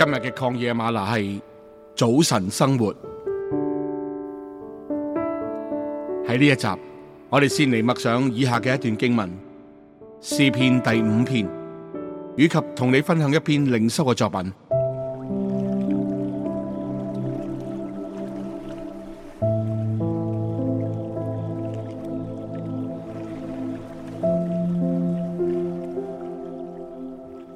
今日嘅曠野嗎哪係早晨生活，喺呢一集，我哋先嚟默想以下嘅一段經文，詩篇第五篇，以及同你分享一篇靈修嘅作品。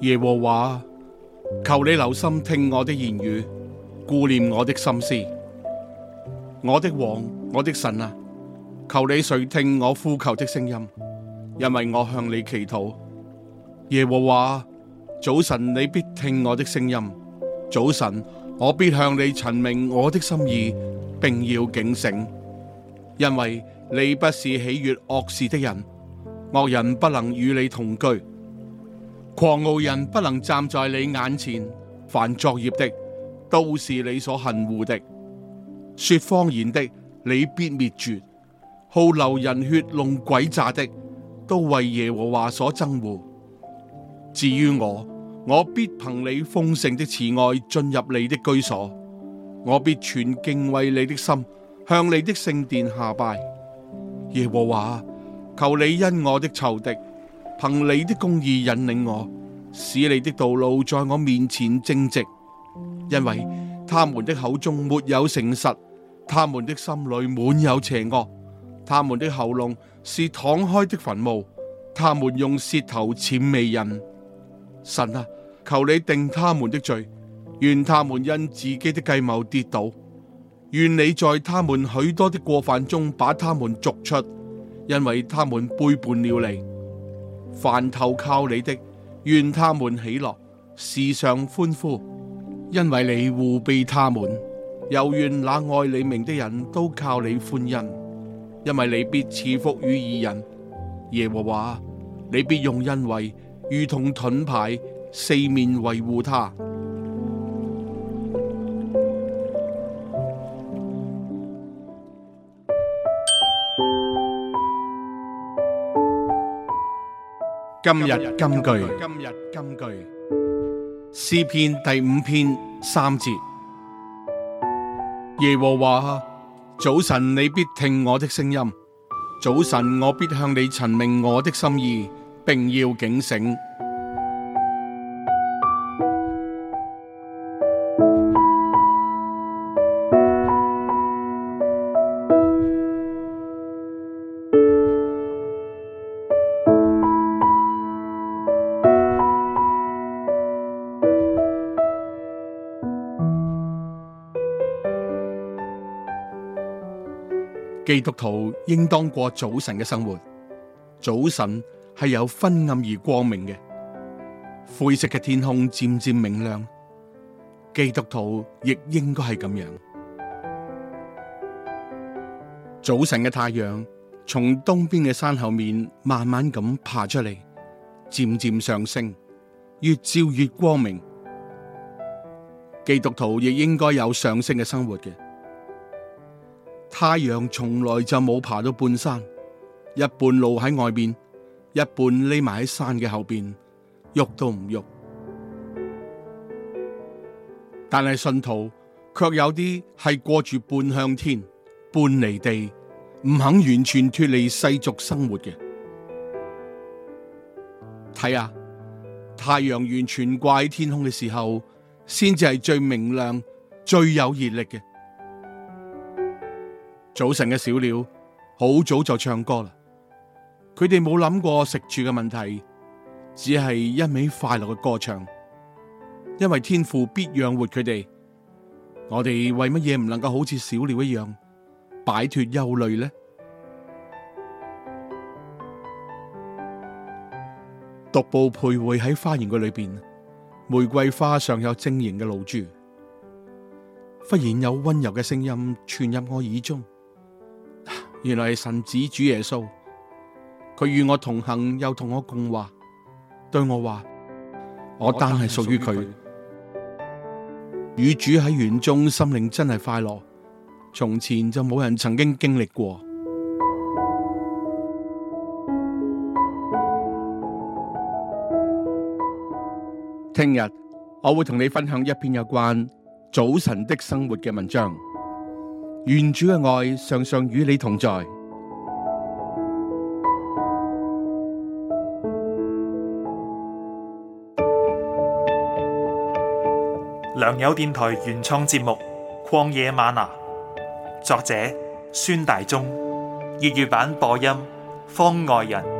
耶和華。求你留心聽我的言語，顧念我的心思，我的王，我的神啊！求你垂聽我呼求的聲音，因為我向你祈禱。耶和華，早晨你必聽我的聲音，早晨我必向你陳明我的心意，並要警醒，因為你不是喜悅惡事的人，惡人不能與你同居。狂傲人不能站在你眼前，凡作孽的都是你所恨惡的，說謊言的你必滅絕，好流人血弄詭詐的都為耶和華所憎惡。至於我，我必憑你豐盛的慈愛進入你的居所，我必存敬畏你的心，向你的聖殿下拜。耶和華，求你因我的仇敵，憑你的公義引領我，使你的道路在我面前正直。因為他們的口中沒有誠實，他們的心裏滿有邪惡，他們的喉嚨是敞開的墳墓，他們用舌頭諂媚人。神啊，求你定他們的罪，願他們因自己的計謀跌倒，願你在他們許多的過犯中把他們逐出，因為他們背叛了你。凡投靠你的，願他們喜樂，時常歡呼，因為你護庇他們；又願那愛你名的人都靠你歡欣，因為你必賜福於義人。耶和華，你必用恩惠，如同盾牌，四面維護他。今日金句，今日金句，詩篇第五篇三節，耶和華，早晨你必聽我的聲音，早晨我必向你陳明我的心意，並要警醒。基督徒應當過早晨嘅生活，早晨係有昏暗而光明嘅，灰色嘅天空漸漸明亮。基督徒亦應該係咁樣。早晨嘅太陽從東邊嘅山後面慢慢咁爬出嚟，漸漸上升，越照越光明。基督徒亦應該有上升嘅生活嘅。太陽從來就冇爬到半山，一半露喺外面，一半匿埋喺山嘅後邊，喐都唔喐。但係信徒卻有啲係過住半向天、半離地，唔肯完全脫離世俗生活嘅。睇下，太陽完全掛喺天空嘅時候，先至係最明亮、最有熱力嘅。早晨嘅小鳥，好早就唱歌啦。佢哋冇諗過食住嘅問題，只係一味快樂嘅歌唱。因為天父必養活佢哋，我哋為乜嘢唔能夠好似小鳥一樣擺脫憂慮呢？獨步徘徊喺花園嘅裏邊，玫瑰花上有晶瑩嘅露珠。忽然有溫柔嘅聲音傳入我耳中。原來係神子主耶穌，佢與我同行，又同我共話，對我話：我單係屬於佢。與主喺園中，心靈真係快樂，從前就冇人曾經經歷過。聽日我會同你分享一篇有關早晨的生活嘅文章。原主嘅愛，常常與你同在。良友電台原創節目《曠野嗎哪》，作者：孫大中，粵語版播音：方外人。